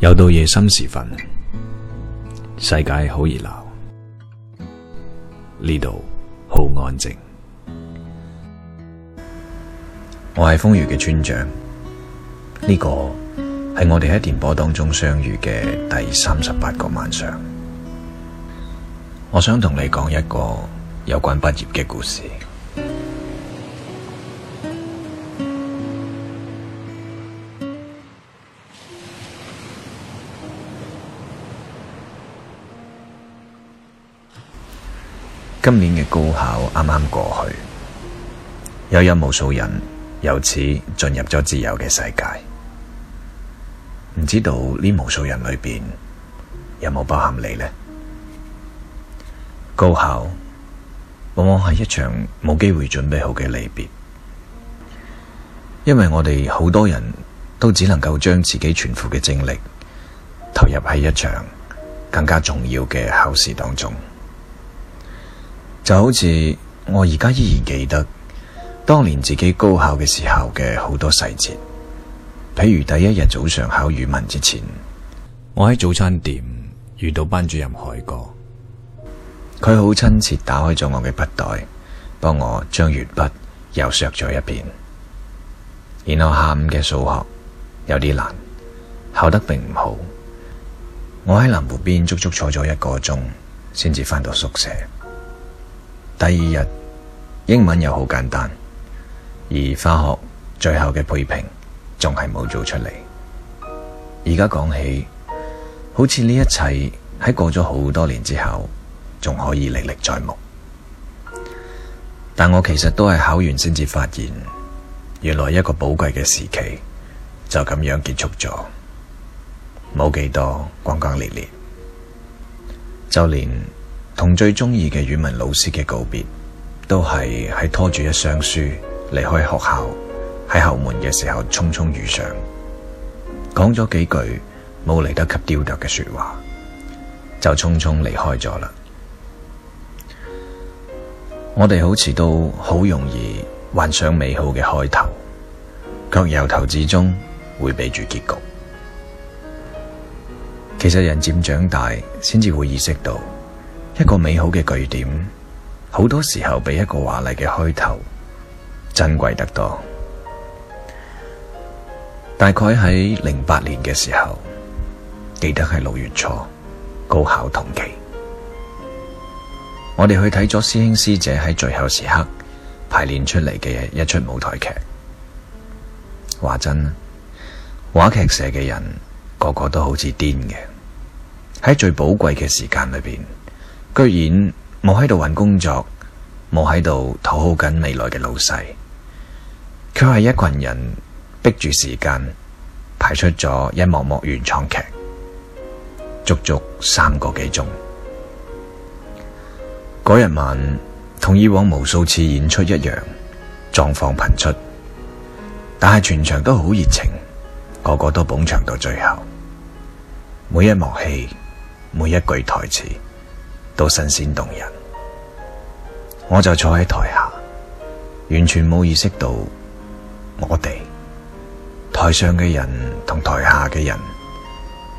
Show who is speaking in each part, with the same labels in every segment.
Speaker 1: 又到夜深時分，世界好熱鬧，呢度好安靜。我係瘋粵嘅村長，呢個係我哋喺電波當中相遇嘅第三十八個晚上。我想同你講一個有關畢業嘅故事。今年嘅高考啱啱過去，又有，有無數人由此進入咗自由嘅世界。唔知道呢無數人裏邊有冇包含你呢？高考往往係一場冇機會準備好嘅離別，因為我哋好多人都只能夠將自己全副嘅精力投入喺一場更加重要嘅考試當中。就好似我而家依然記得當年自己高考嘅時候嘅好多細節，譬如第一日早上考語文之前，我喺早餐店遇到班主任海哥，佢好親切打開咗我嘅筆袋，幫我將鉛筆又削咗一遍。然後下午嘅數學有啲難，考得並唔好，我喺南湖邊足足坐咗一個鐘，先至翻到宿舍。第二日，英文又好簡單，而化學最後嘅配平仲係冇做出嚟。而家講起，好似呢一切喺過咗好多年之後，仲可以歷歷在目。但我其實都係考完先至發現，原來一個寶貴嘅時期就咁樣結束咗，冇幾多轟轟烈烈，就連。同最中意嘅語文老師嘅告別，都係喺拖住一箱書離開學校，喺後門嘅時候匆匆遇上，講咗幾句冇嚟得及雕琢嘅說話，就匆匆離開咗啦。我哋好似都好容易幻想美好嘅開頭，卻由頭至終迴避住結局。其實人漸長大，先至會意識到。一個美好嘅句點，好多時候比一個華麗嘅開頭珍貴得多。大概喺零八年嘅時候，記得係六月初，高考同期，我哋去睇咗師兄師姐喺最後時刻排練出嚟嘅一齣舞台劇。話真，話劇社嘅人個個都好似癲嘅，喺最寶貴嘅時間裏邊。居然冇喺度搵工作，冇喺度討好緊未來嘅老細，卻係一群人逼住時間排出咗一幕幕原創劇，足足三個幾鐘。嗰日晚同以往無數次演出一樣，狀況頻出，但係全場都好熱情，個個都捧場到最後，每一幕戲，每一句台詞，都新鮮動人，我就坐喺台下，完全冇意識到我哋台上嘅人同台下嘅人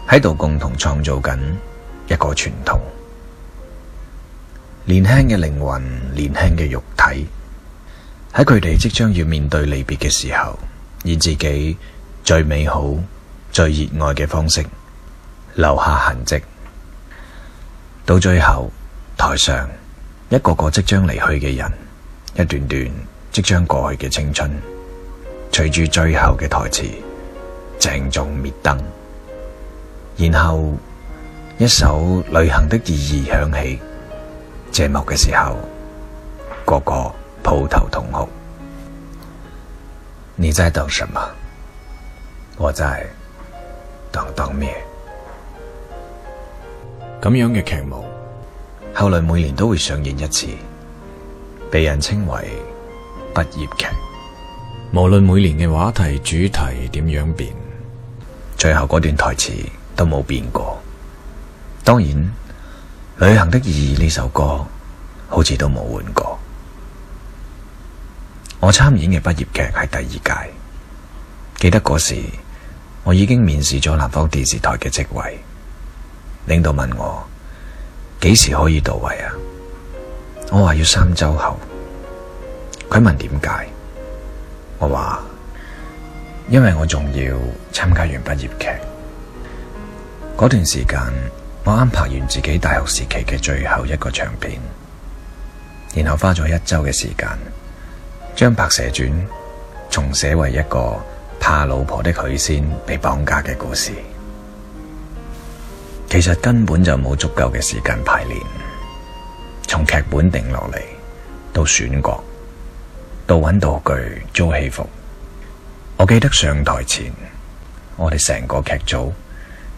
Speaker 1: 喺度共同創造緊一個傳統。年輕嘅靈魂、年輕嘅肉體，喺佢哋即將要面對離別嘅時候，以自己最美好、最熱愛嘅方式留下痕跡。到最後，台上一個個即將離去嘅人，一段段即將過去嘅青春，隨住最後嘅台詞，鄭重滅燈，然後一首《旅行的意義》響起，謝幕嘅時候，個個抱頭痛哭。你在等什麼？我在等燈滅。咁樣嘅劇目，後來每年都會上演一次，被人稱為畢業劇。無論每年嘅話題主題點樣變，最後嗰段台詞都冇變過。當然，旅行的意義呢首歌好似都冇換過。我參演嘅畢業劇係第二屆，記得嗰時我已經面試咗南方電視台嘅職位。領導問我幾時可以到位啊？我話要三周後。佢問點解？我話因為我仲要參加完畢業劇。嗰段時間，我啱拍完自己大學時期嘅最後一個長片，然後花咗一周嘅時間，將《白蛇傳》重寫為一個怕老婆的許仙被綁架嘅故事。其實根本就冇足夠嘅時間排練，從劇本定落嚟，到選角，到揾道具、租戲服。我記得上台前，我哋成個劇組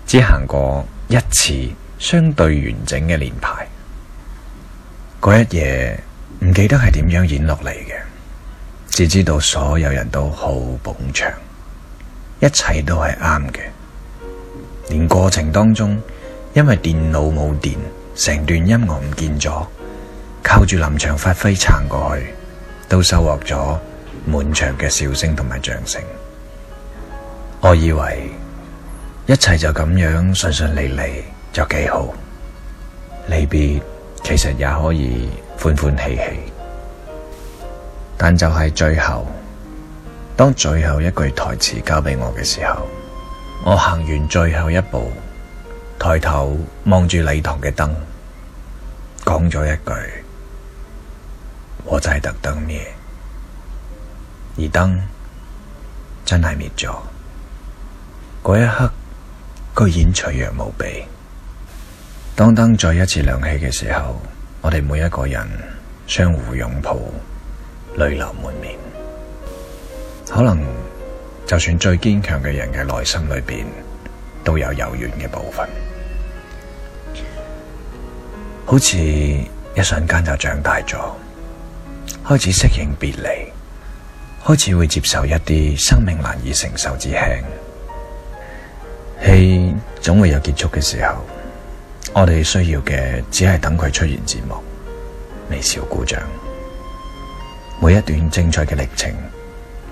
Speaker 1: 只行過一次相對完整嘅連排。嗰一夜唔記得係點樣演落嚟嘅，只知道所有人都好捧場，一切都係啱嘅，連過程當中，因為電腦冇電，成段音樂唔見咗，靠住臨場發揮撐過去，都收穫咗滿場嘅笑聲同埋掌聲。我以為一切就咁樣順順利利就幾好，離別其實也可以歡歡喜喜。但就係最後，當最後一句台詞交俾我嘅時候，我行完最後一步，抬頭望住禮堂嘅燈，講咗一句：我就係等燈滅，而燈真係滅咗。嗰一刻，居然脆弱無比。當燈再一次亮起嘅時候，我哋每一個人相互擁抱，淚流滿面。可能就算最堅強嘅人嘅內心裏邊，都有柔軟嘅部分。好似一瞬間就長大咗，開始適應別離，開始會接受一啲生命難以承受之輕。戲總會有結束嘅時候，我哋需要嘅只係等佢出完字幕，微笑鼓掌。每一段精彩嘅歷程，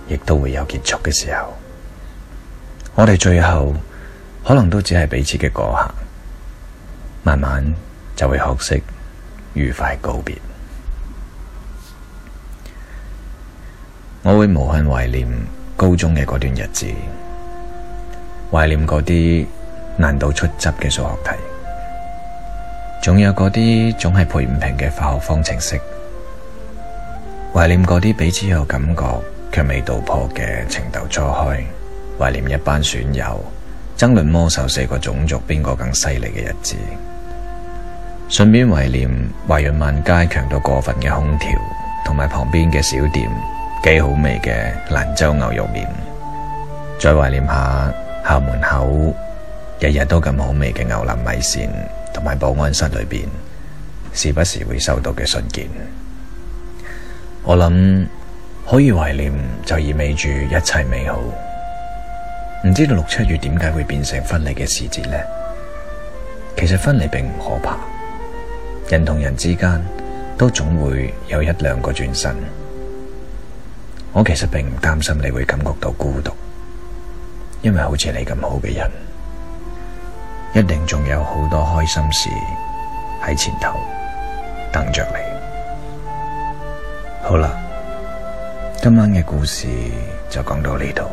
Speaker 1: 亦都會有結束嘅時候。我哋最後可能都只係彼此嘅過客，慢慢，就會學識愉快告別。我會無限懷念高中嘅嗰段日子，懷念嗰啲難到出汁嘅數學題，有總有嗰啲總係配唔平嘅化學方程式，懷念嗰啲彼此有感覺卻未道破嘅情竇初開，懷念一班損友爭論魔獸四個種族邊個更犀利嘅日子。順便懷念華潤萬佳強到過分嘅空調，同埋旁邊嘅小店，幾好味嘅蘭州牛肉麵。再懷念下校門口日日都咁好味嘅牛腩米線，同埋保安室裏邊時不時會收到嘅信件。我諗可以懷念就意味住一切美好。唔知道六七月點解會變成分離嘅時節呢？其實分離並唔可怕。人同人之間都總會有一兩個轉身，我其實並唔擔心你會感覺到孤獨，因為好似你咁好嘅人，一定仲有好多開心事喺前頭等著你。好啦，今晚嘅故事就講到呢度，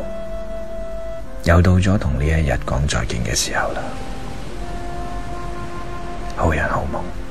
Speaker 1: 又到咗同呢一日講再見嘅時候啦，好人好夢。